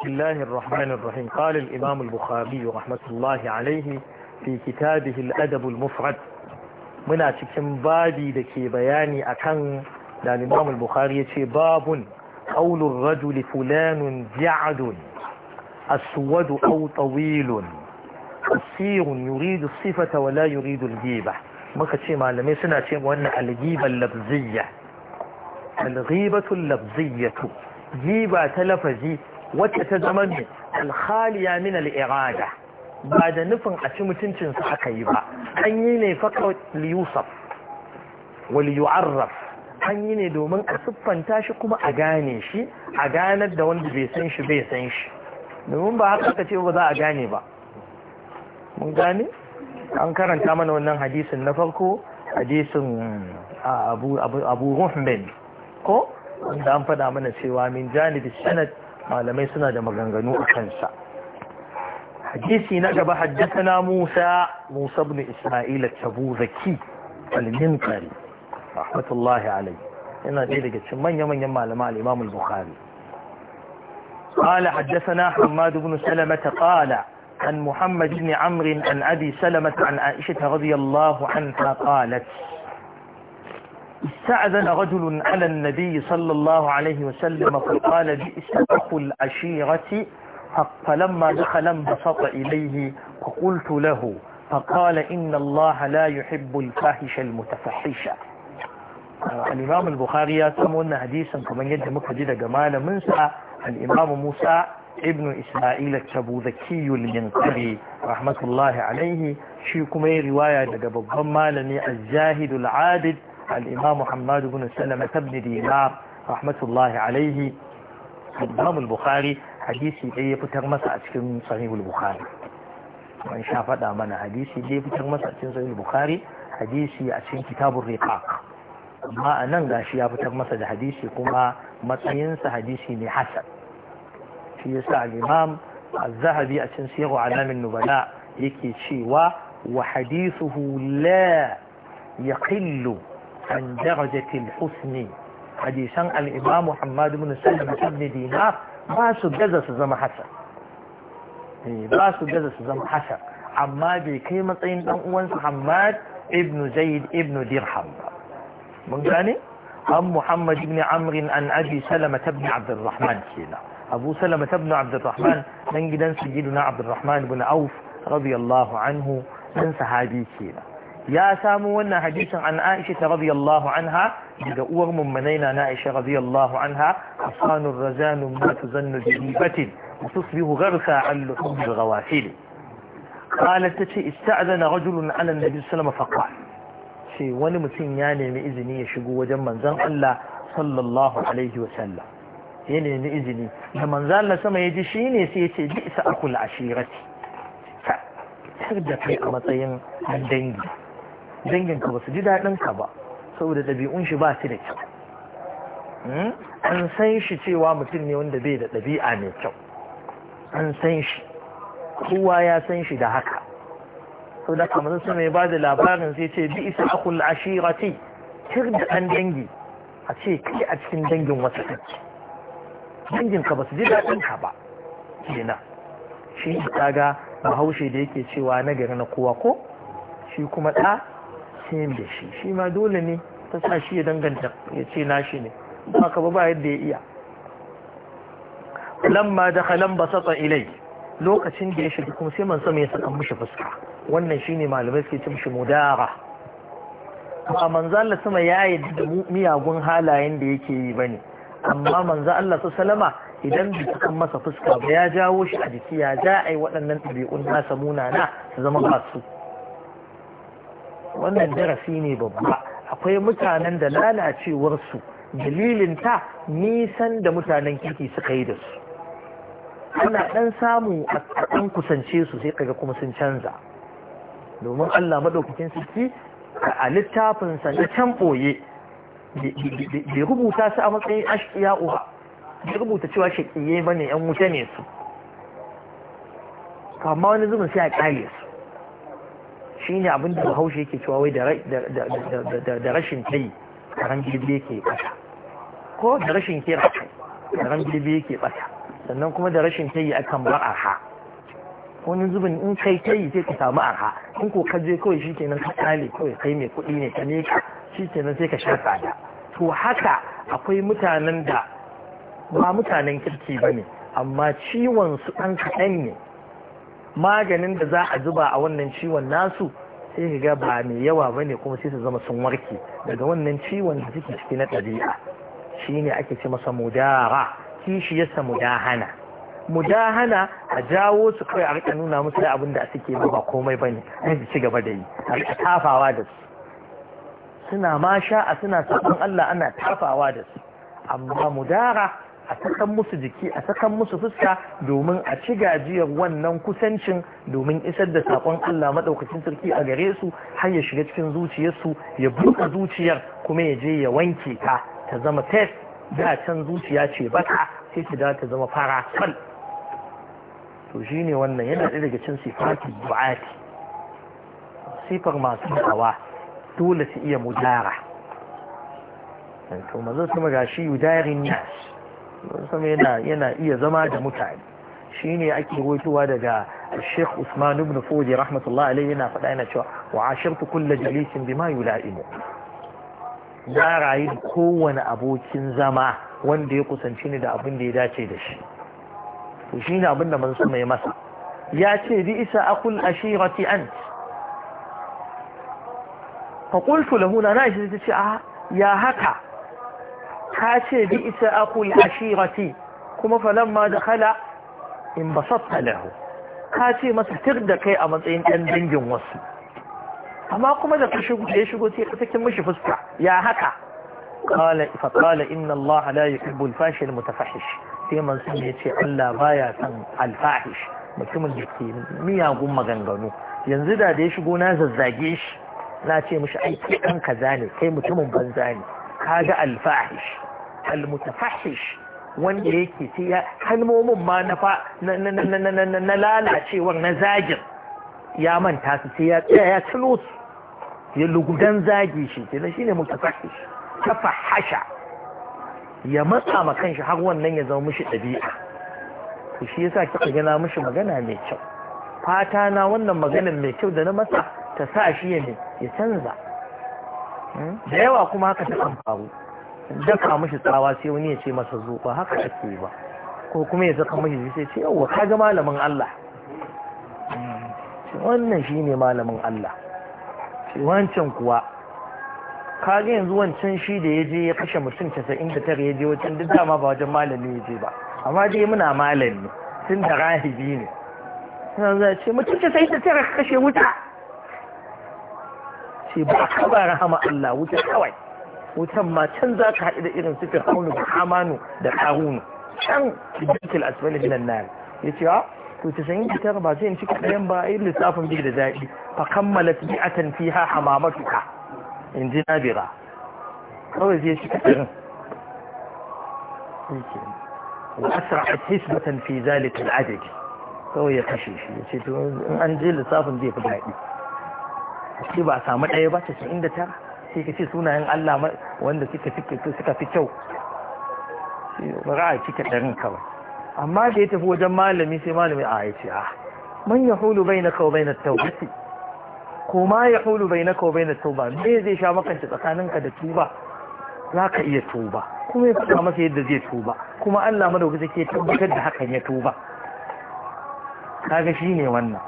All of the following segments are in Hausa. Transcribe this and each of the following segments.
بسم الله الرحمن الرحيم قال الإمام البخاري رحمة الله عليه في كتابه الأدب المفرد من أتكم بادي دكي بياني أكن الإمام البخاري يتي باب قول الرجل فلان جعد أسود أو طويل قصير يريد الصفة ولا يريد الجيبة ما كتشي ما لم يسنى وأن الجيبة اللفظيه الغيبة اللفظيه جيبة تلفزي wacce ta zama ne alhaliya min al'irada ba da nufin a ci mutuncinsa aka yi ba an yi ne faƙa liyusaf wal yu'arraf an yi ne domin a siffanta shi kuma a gane shi a ganar da wanda bai san shi bai san shi domin ba haka ka ce ba za a gane ba mun gane an karanta mana wannan hadisin na farko hadisin abu abu ko wanda an faɗa mana cewa min janibi sanad malamai suna da maganganu a kansa hadisi na gaba haddasa musa musa bin isma'ila tabu zaki al-minkari rahmatullahi alayhi yana ɗaya daga cikin manya-manyan malama al-imam al-bukhari قال حدثنا حماد بن سلمة قال عن محمد بن عمرو عن أبي سلمة عن عائشة رضي الله عنها قالت استأذن رجل على النبي صلى الله عليه وسلم فقال بئس أخو العشيرة فلما دخل انبسط إليه فقلت له فقال إن الله لا يحب الفاحش المتفحشة الإمام البخاري يسمون حديثا كما يد مكجد جمال منسى الإمام موسى ابن إسماعيل التبوذكي المنقري رحمة الله عليه شيكم رواية دقب الضمالني الزاهد العادد الإمام محمد بن سلمة بن دينار رحمة الله عليه الإمام البخاري حديثي أي فتر مسا أتكن صحيح البخاري وإن شاء فدا من حديثي أي فتر مسا أتكن صحيح البخاري حديثي أتكن كتاب الرقاق ما أنا غاشي يا فتر مسا حديثي كما متينس حديثي لحسن في يسع الإمام الذهبي أتكن سير علام النبلاء يكي شيوا وحديثه لا يقل عن درجة الحسن حديثا عن الإمام محمد بن سلمة بن دينار ما سجز زم حسن إيه، ما سجز زم حسن أما بكيمة أنوان محمد ابن زيد ابن درحم من قاني أم محمد بن عمر أن أبي سلمة بن عبد الرحمن سينا أبو سلمة بن عبد الرحمن من قدن سجدنا عبد الرحمن بن أوف رضي الله عنه من سهادي سينا ya samu wannan hadisin an Aisha ta radiyallahu anha daga uwar mummanai na Aisha radiyallahu anha asanur razanu ma tuzannu bi ibatin tusbihu gharsa an luhum bi ghawafil qalat tace ista'zana rajulun ala nabi sallallahu alaihi sai wani mutum ya nemi izini ya shigo wajen manzon Allah sallallahu alaihi wa sallam ya nemi izini da manzon Allah sama ya ji shine sai ya ce bi isa akul ashirati har da kai a matsayin dangi danginka ba su ji daɗinka ba saboda ɗabi'un shi ba su da kyau hmm? an san shi cewa mutum ne wanda bai da ɗabi'a mai kyau an san shi kowa ya san shi da haka sau da kamar su mai ba da labarin sai ce bi isa akul ashirati kir da ɗan dangi a ce kai a cikin dangin wata kake dangin ba su ji daɗin ka ba kenan shi ne kaga bahaushe da yake cewa na gari na kowa ko shi kuma ɗa ce da shi shi ma dole ne ta sa shi ya danganta ya ce nashi ne haka ba ba yadda ya iya lamma da halan Satsa ilai lokacin da ya shiga kuma sai man sama ya saka mushi fuska wannan shine malamai suke cin shi mudara man manzo Allah sama ya yi da miyagun halayen da yake yi ba ne amma manzo Allah su salama idan bai kan masa fuska ba ya jawo shi a jiki ya ja ai waɗannan ɗabi'un nasa munana su zama masu wannan darasi ne babba akwai mutanen da lalacewarsu dalilin ta nisan da mutanen kirki suka yi da su ana ɗan samu a ɗan kusance su sai kaga kuma sun canza domin Allah maɗaukacin sarki a littafin na can ɓoye bai rubuta su a matsayin ashiya uwa bai rubuta cewa shakiye ba ne yan wuta ne su amma wani zubin sai a ƙale su shine abin da bahaushe yake cewa wai da rashin kai karan girbe yake bata ko da rashin kira karan girbe yake bata sannan kuma da rashin tayi akan bar arha wani zubin in kai tayi sai ka samu arha in ko ka je kawai shi kenan ka tsale kawai kai mai kuɗi ne ka neka shi kenan sai ka sha tsada to haka akwai mutanen da ba mutanen kirki ba ne amma ciwon su ɗan kaɗan ne maganin da za a zuba a wannan ciwon nasu sai ka ga ba mai yawa ba ne kuma sai su zama sun warke daga wannan ciwon da suke ciki na ɗabi'a shi ne ake ce masa mudara kishiyarsa mudahana mudahana a jawo su kawai a rika nuna musu da abin da suke ba komai ba ne a ci gaba da yi a rika tafawa da su suna ma sha'a suna sabon Allah ana tafawa da su amma mudara a sakan musu jiki a sakan musu fuska domin a ci gajiyar wannan kusancin domin isar da sakon Allah maɗaukacin sarki a gare su har ya shiga cikin zuciyarsu ya buɗe zuciyar kuma ya je ya wanke ka ta zama test da can zuciya ce baka sai ta zama fara kal to shine wannan yana ɗaya daga cin sifati du'ati sifar masu kawa dole su iya mudara to mazan sama gashi yudarin nas sama yana yana iya zama da mutane shine ake ruwaitowa daga Sheikh Usman ibn Fodi rahmatullah alaihi yana faɗa yana cewa wa kulla kullu jalisin bima yula'imu ya rayu kowane abokin zama wanda ya kusanci ni da abin da ya dace da shi to shine abin da mai masa ya ce bi isa akul ashirati ant fa qultu lahu na shi ta ce a ah, ya haka ka ce bi isa akul ashirati kuma falamma dakhala in basatta lahu ka ce masa tir da kai a matsayin ɗan dangin wasu amma kuma da ka shigo ya shigo sai mashi mishi fuska ya haka qala fa qala inna Allah la yuhibbu al-fashi al-mutafahish sai mansu ya yace Allah baya son al-fahish mutumin da ke miyagun maganganu yanzu da da ya shigo na zazzage shi na ce mishi aiki dan kaza ne kai mutumin banza ne kaga alfahish almutafahish wanda yake ce ya kalmomin ma na fa na na zagin ya manta su sai ya tsaya ya tuno su ya lugudan zagi shi ke shi ne mutafahish tafahasha ya matsa ma kanshi har wannan ya zama mishi ɗabi'a to shi yasa kika gina mishi magana mai kyau fata na wannan maganar mai kyau da na masa ta sa shi ya canza da yawa kuma haka ta kan faru daka mashi tsawa sai wani ya ce masa zo ba haka ake ba ko kuma ya saka mashi sai ce yawa ka ga malamin Allah wannan shine malamin Allah wancan kuwa ka ga yanzu wancan shi da ya je ya kashe mutum casa'in da tara ya je wancan duk dama ba wajen malami ya je ba amma dai muna malami tun da rahibi ne suna zai ce mutum casa'in da tara kashe wuta ce ba ka ba rahama Allah wuce kawai wutan ma can za ka haɗu da irin su fir'aunu da hamanu da ƙarunu can bikil asfali minan nar ya ce ah, to ta sanyi fitar ba zai cika ɗayan ba ai lissafin bi da daɗi fa kammala fi atan fi ha hamamatuka in ji nabira kawai zai cika ɗarin وأسرعت حسبة في ذلك العدد فهو يقشي شيء ان أنجي لصاف دي في sai ba a samu ɗaya ba casa'in da tara sai ka ce sunayen Allah wanda suka fi kyau ba za a cika ɗarin kawai amma da ya tafi wajen malami sai malami a ah, ya ce a ah, man ya hulu bai na kawai na taubati ko ma ya hulu bai na kawai na tauba me zai sha makance tsakaninka da tuba za ka iya tuba kuma ya faɗa masa yadda zai tuba kuma Allah madauki ke tabbatar da hakan ya tuba kaga shine wannan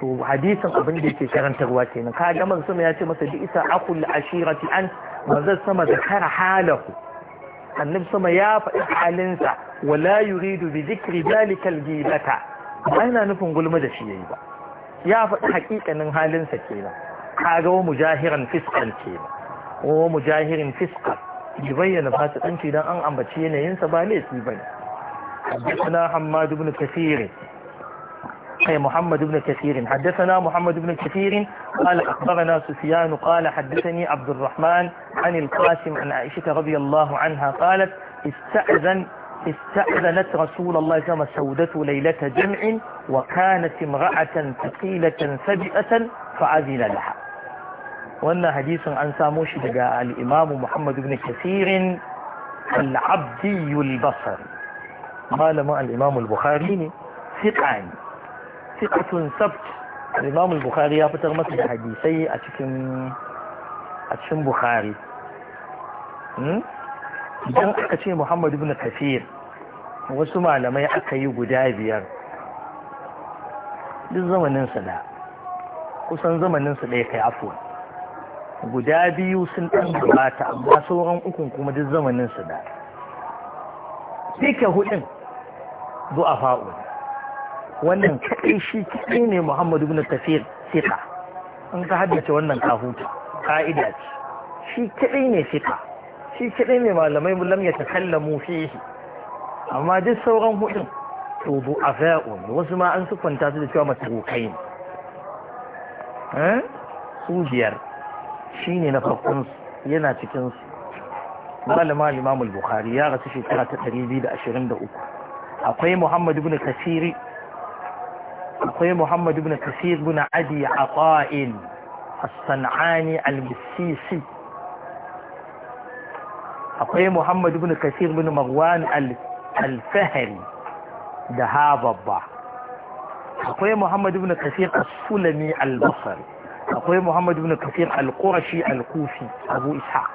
to hadisin abin da yake karantarwa kenan ka ga manzo ya ce masa bi isa aqul ashirati an manzo sama zakara halahu annabi sama ya faɗi halinsa wala yuridu bi dhikri dalika gibata ba yana nufin gulma da shi yayi ba ya faɗi haƙiƙanin halinsa kenan ka ga wa mujahiran fiskan kenan o mujahirin fiskal bi bayyana fasikanci dan an ambaci yanayin sa ba laifi bane حدثنا حماد بن كثير أي محمد بن كثير حدثنا محمد بن كثير قال أخبرنا سفيان قال حدثني عبد الرحمن عن القاسم عن عائشة رضي الله عنها قالت استأذن استأذنت رسول الله صلى الله عليه وسلم ليلة جمع وكانت امرأة ثقيلة فجأة فعزل لها وأن حديث عن ساموش جاء الإمام محمد بن كثير العبدي البصري قال مع الإمام البخاري ثقاني ثقة سبت الإمام البخاري يا فتر مثل حديثي a cikin Bukhari. Hmm? idan aka ce Muhammadu ibn Kafir wasu malamai aka yi guda biyar duk zamaninsa da kusan zamaninsa ɗaya kai afuwa guda biyu sun ɗan gabata amma sauran ukun kuma duk zamaninsa da duka hudun du'a fa'u wannan kaɗai shi kaɗai ne muhammadu bin tafiyar siƙa an ka haddace wannan kahuta ka'ida ce shi kaɗai ne siƙa shi kaɗai ne malamai lam ya takallamu fihi amma duk sauran hudun to bu afa'un wasu ma an sukwanta su da cewa matrukai ne eh? su biyar ne na farkon yana cikin su malama Bukhari ya rasu shekara ta 223 akwai Muhammadu bin Kasiri akwai Muhammad ibn Kasir ibn Adi Aqa'il As-San'ani Al-Bisisi akwai Muhammad ibn Kasir ibn Marwan Al-Fahri da ha akwai Muhammad ibn Kasir As-Sulami Al-Basri akwai Muhammad ibn Kasir Al-Qurashi Al-Kufi Abu Ishaq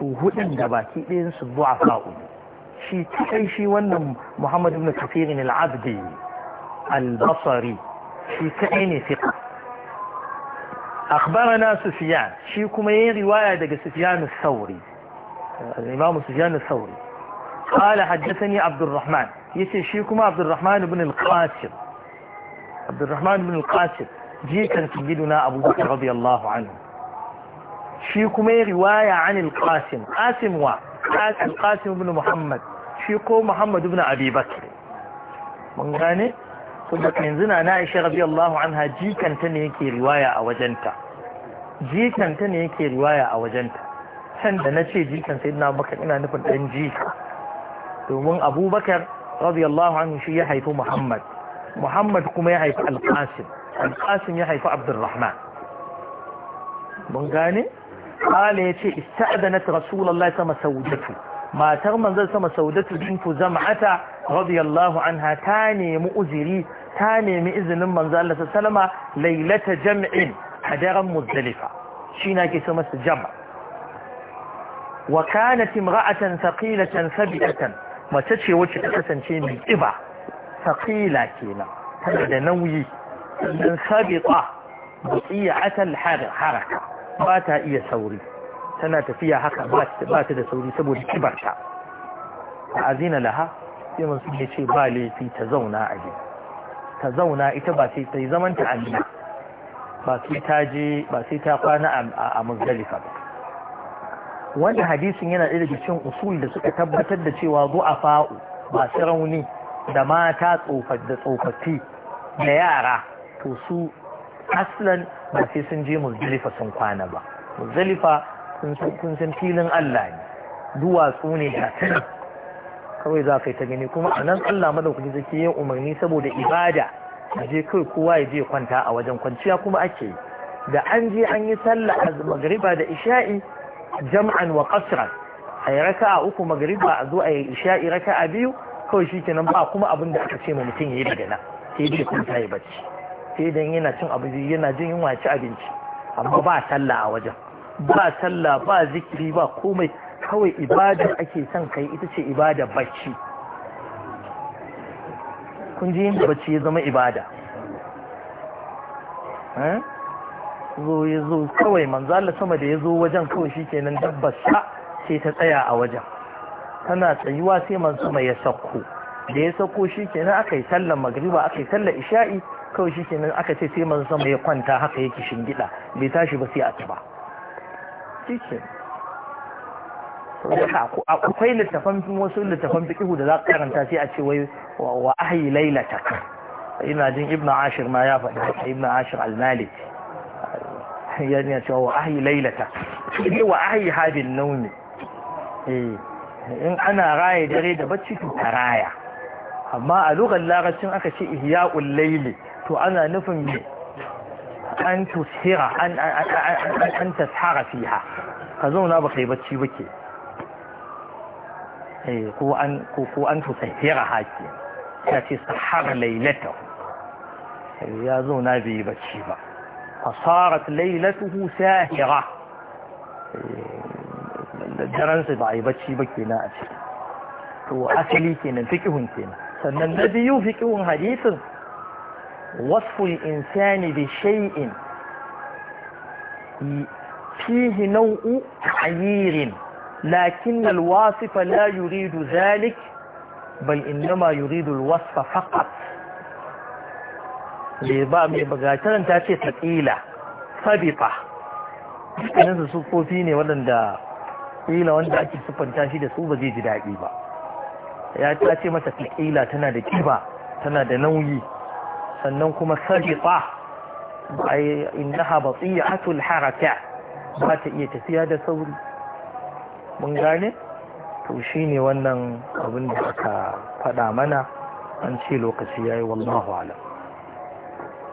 to hudun da baki ɗayan su zuwa fa'u شي kai شي wannan محمد بن كثير العبدي البصري شي basri ثقة أخبرنا سفيان شي كما رواية دق سفيان الثوري الإمام سفيان الثوري قال حدثني عبد الرحمن يسي شي كما عبد الرحمن بن القاسم عبد الرحمن بن القاسم كان سيدنا أبو بكر رضي الله عنه شي كما رواية عن القاسم قاسم و القاسم بن محمد shi ko Muhammad ibn Abi Bakr mun gane kuma yanzu na Aisha radiyallahu anha jikanta ne yake riwaya a wajenta jikanta ne yake riwaya a wajenta can da nace jikan sayyidina Abubakar ina nufin dan jika domin Abubakar radiyallahu anhu shi ya haifi Muhammad Muhammad kuma ya haifi Al-Qasim Al-Qasim ya haifi Abdurrahman mun gane قال يتي استأذنت رسول الله صلى الله عليه وسلم سودته matar manzon sama saudatu bintu zam'ata radiyallahu anha ta nemi uzuri ta nemi izinin manzo Allah sallama lailata jam'in a daren muzdalifa shi na ke so masa jama wa kanat imra'atan thaqilatan thabitatan mace ce wacce ta kasance mai kiba thaqila kenan tana da nauyi dan sabita buqi'atal haraka ba ta iya sauri tana tafiya haka ba ta da sauri saboda kibarta azina laha sai mun ce ba laifi ta zauna a gida ta zauna ita ba sai ta yi zaman ta amina ba sai ta je ba sai ta kwana a muzdalifa ba wanda hadisin yana ɗaya daga cikin usul da suka tabbatar da cewa zu'a-fa'u masu rauni da mata da tsofaffi da yara to su aslan ba sai sun je muzdalifa sun kwana ba muzdalifa kun san filin Allah ne duwatsu ne da tana kawai za ka yi ta gani kuma anan Allah madaukaki zai yi umarni saboda ibada a je kai kowa ya je kwanta a wajen kwanciya kuma ake da an je an yi sallah a magriba da isha'i jam'an wa qasran raka raka'a uku magriba a zo a yi isha'i raka'a biyu kawai shi kenan ba kuma abin da aka ce ma mutum ya yi daga nan sai dai kwanta ya bacci sai dan yana cin abinci yana jin yunwa ci abinci amma ba sallah a wajen ba sallah ba zikiri ba komai kawai ibada ake son kai ita ce ibada bacci kun ji yin bacci ya zama ibada eh? zo ya zo kawai manzala sama da ya zo wajen kawai shi nan dabba sa sai ta tsaya a wajen tana tsayuwa sai man mai ya sauko da ya sauko shi ke nan aka yi sallar magriba aka yi sallar isha'i kawai shi ke nan aka ce sai man sama ya kwanta haka yake shingida bai tashi ba sai a ba shi ke akwai littafan wasu littafan fiƙihu da za ka karanta sai a ce wai wa ahayi lailata ina jin ibn ashir ma ya faɗi haka ibn ashir al-malik ya ne cewa wa ahayi lailata shi wa ahayi hadin nauni eh, in ana raya dare da bacci to ta raya amma a lugar larabcin aka ce ihya'ul laili to ana nufin me أن تسحر أن, أن, أن, أن تسحر فيها فزونا بخيبة شبكي أي قو أن, قو أن تسحر هاتي سحر ليلته إيه، يا زونا بخيبة شبا فصارت ليلته ساهرة جران سبا عيبة شبكي نأتي تو أسلي كنا فكهن كنا سنن نبيو فكهن حديثا wasful insani bi shay'in fihi nau'u ta'yirin lakin alwasif la yuridu zalik bal innama yuridu alwasfa faqat bai ba mai bagataran ta ce taƙila sabita dukkanin su sufofi ne waɗanda ƙila wanda ake siffanta shi da su ba zai ji daɗi ba ya ta ce mata taƙila tana da kiba tana da nauyi sannan kuma sabita ai innaha bati'atul haraka ba ta iya tafiya da sauri mun gane to shine wannan abin da aka faɗa mana an ce lokaci yayi wallahu alam